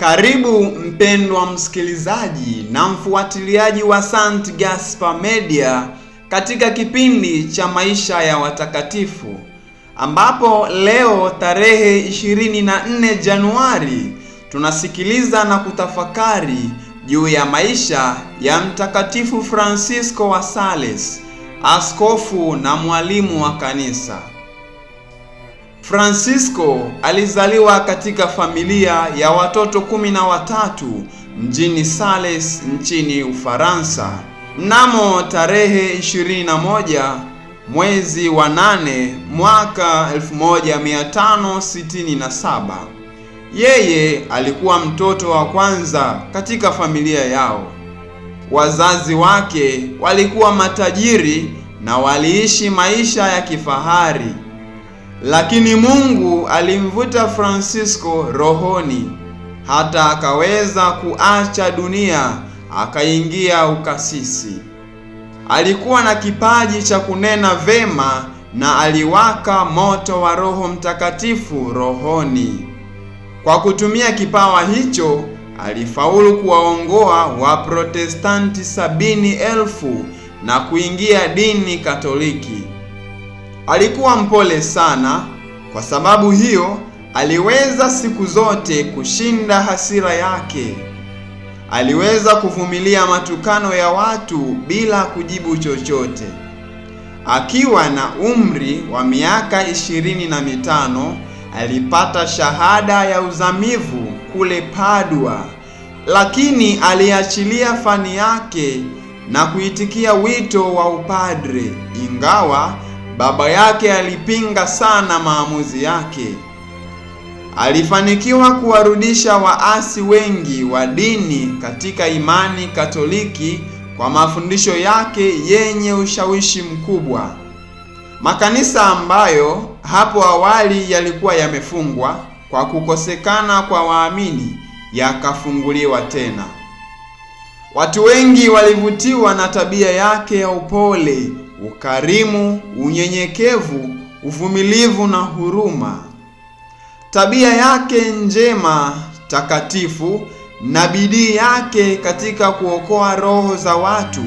Karibu mpendwa msikilizaji na mfuatiliaji wa St. Gaspar Media katika kipindi cha maisha ya watakatifu ambapo leo tarehe 24 Januari tunasikiliza na kutafakari juu ya maisha ya Mtakatifu Francisco wa Sales, askofu na mwalimu wa kanisa. Francisco alizaliwa katika familia ya watoto kumi na watatu mjini Sales nchini Ufaransa mnamo tarehe 21 mwezi wa 8 mwaka 1567. Yeye alikuwa mtoto wa kwanza katika familia yao. Wazazi wake walikuwa matajiri na waliishi maisha ya kifahari lakini Mungu alimvuta Francisco rohoni hata akaweza kuacha dunia akaingia ukasisi. Alikuwa na kipaji cha kunena vema na aliwaka moto wa Roho Mtakatifu rohoni. Kwa kutumia kipawa hicho alifaulu kuwaongoa Waprotestanti sabini elfu na kuingia dini Katoliki. Alikuwa mpole sana, kwa sababu hiyo aliweza siku zote kushinda hasira yake. Aliweza kuvumilia matukano ya watu bila kujibu chochote. Akiwa na umri wa miaka ishirini na mitano alipata shahada ya uzamivu kule Padua, lakini aliachilia fani yake na kuitikia wito wa upadre ingawa Baba yake alipinga sana maamuzi yake. Alifanikiwa kuwarudisha waasi wengi wa dini katika imani Katoliki kwa mafundisho yake yenye ushawishi mkubwa. Makanisa ambayo hapo awali yalikuwa yamefungwa kwa kukosekana kwa waamini yakafunguliwa tena. Watu wengi walivutiwa na tabia yake ya upole, ukarimu, unyenyekevu, uvumilivu na huruma. Tabia yake njema takatifu na bidii yake katika kuokoa roho za watu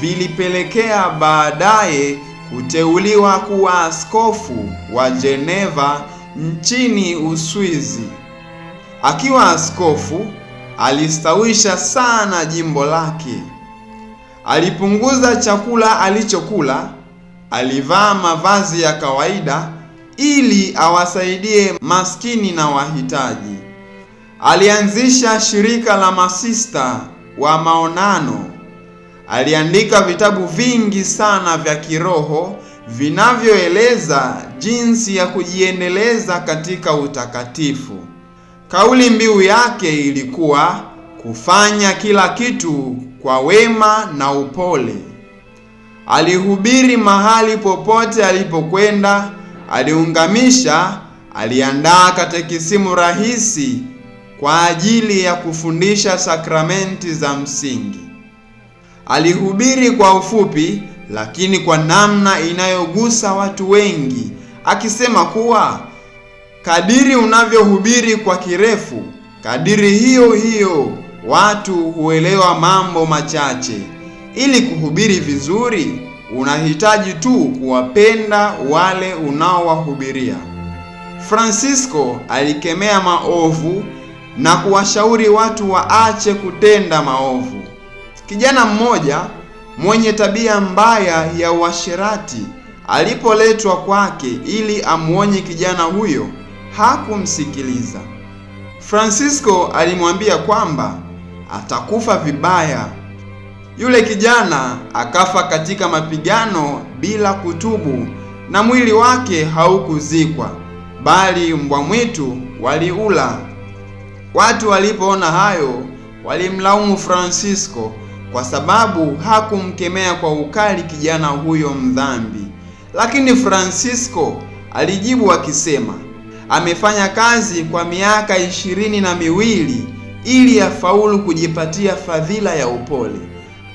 vilipelekea baadaye kuteuliwa kuwa askofu wa Geneva nchini Uswizi. Akiwa askofu alistawisha sana jimbo lake alipunguza chakula alichokula, alivaa mavazi ya kawaida ili awasaidie maskini na wahitaji. Alianzisha shirika la masista wa maonano. Aliandika vitabu vingi sana vya kiroho vinavyoeleza jinsi ya kujiendeleza katika utakatifu. Kauli mbiu yake ilikuwa kufanya kila kitu kwa wema na upole. Alihubiri mahali popote alipokwenda, aliungamisha, aliandaa katekisimu rahisi kwa ajili ya kufundisha sakramenti za msingi. Alihubiri kwa ufupi, lakini kwa namna inayogusa watu wengi, akisema kuwa kadiri unavyohubiri kwa kirefu, kadiri hiyo hiyo watu huelewa mambo machache. Ili kuhubiri vizuri, unahitaji tu kuwapenda wale unaowahubiria. Francisco alikemea maovu na kuwashauri watu waache kutenda maovu. Kijana mmoja mwenye tabia mbaya ya uasherati alipoletwa kwake ili amuonye kijana huyo, hakumsikiliza. Francisco alimwambia kwamba atakufa vibaya. Yule kijana akafa katika mapigano bila kutubu, na mwili wake haukuzikwa, bali mbwa mwitu waliula. Watu walipoona hayo walimlaumu Francisco kwa sababu hakumkemea kwa ukali kijana huyo mdhambi, lakini Francisco alijibu akisema, amefanya kazi kwa miaka ishirini na miwili ili afaulu kujipatia fadhila ya upole.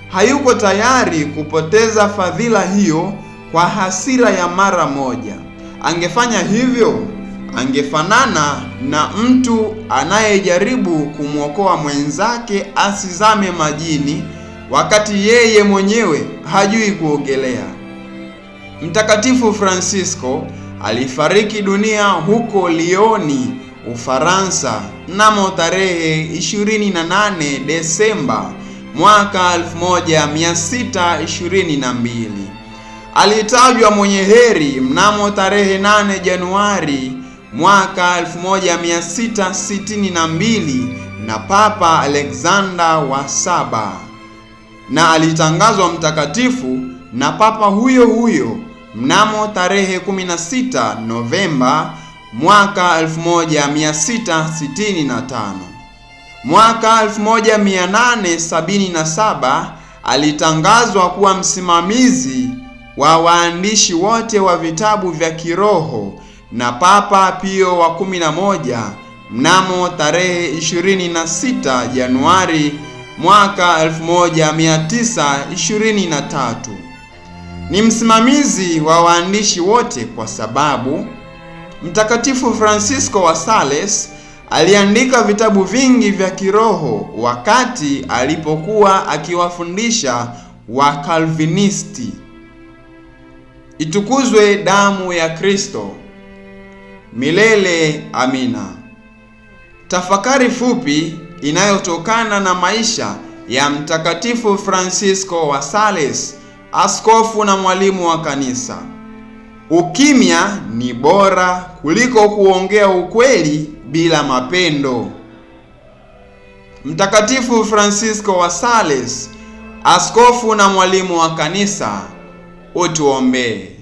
Hayuko tayari kupoteza fadhila hiyo kwa hasira ya mara moja. Angefanya hivyo, angefanana na mtu anayejaribu kumwokoa mwenzake asizame majini wakati yeye mwenyewe hajui kuogelea. Mtakatifu Francisco alifariki dunia huko Lioni Ufaransa mnamo tarehe 28 Desemba mwaka 1622. Alitajwa mwenye heri mnamo tarehe 8 Januari mwaka 1662 na Papa Alexander wa saba, na alitangazwa mtakatifu na Papa huyo huyo mnamo tarehe 16 Novemba mwaka 1665. Mwaka 1877 alitangazwa kuwa msimamizi wa waandishi wote wa vitabu vya kiroho na Papa Pio wa 11 mnamo tarehe 26 Januari mwaka 1923. Ni msimamizi wa waandishi wote kwa sababu Mtakatifu Francisco wa Sales aliandika vitabu vingi vya kiroho wakati alipokuwa akiwafundisha Wakalvinisti. Itukuzwe damu ya Kristo! Milele amina. Tafakari fupi inayotokana na maisha ya Mtakatifu Francisco wa Sales, askofu na mwalimu wa kanisa. Ukimya ni bora kuliko kuongea ukweli bila mapendo. Mtakatifu Francisco wa Sales, askofu na mwalimu wa kanisa, utuombee.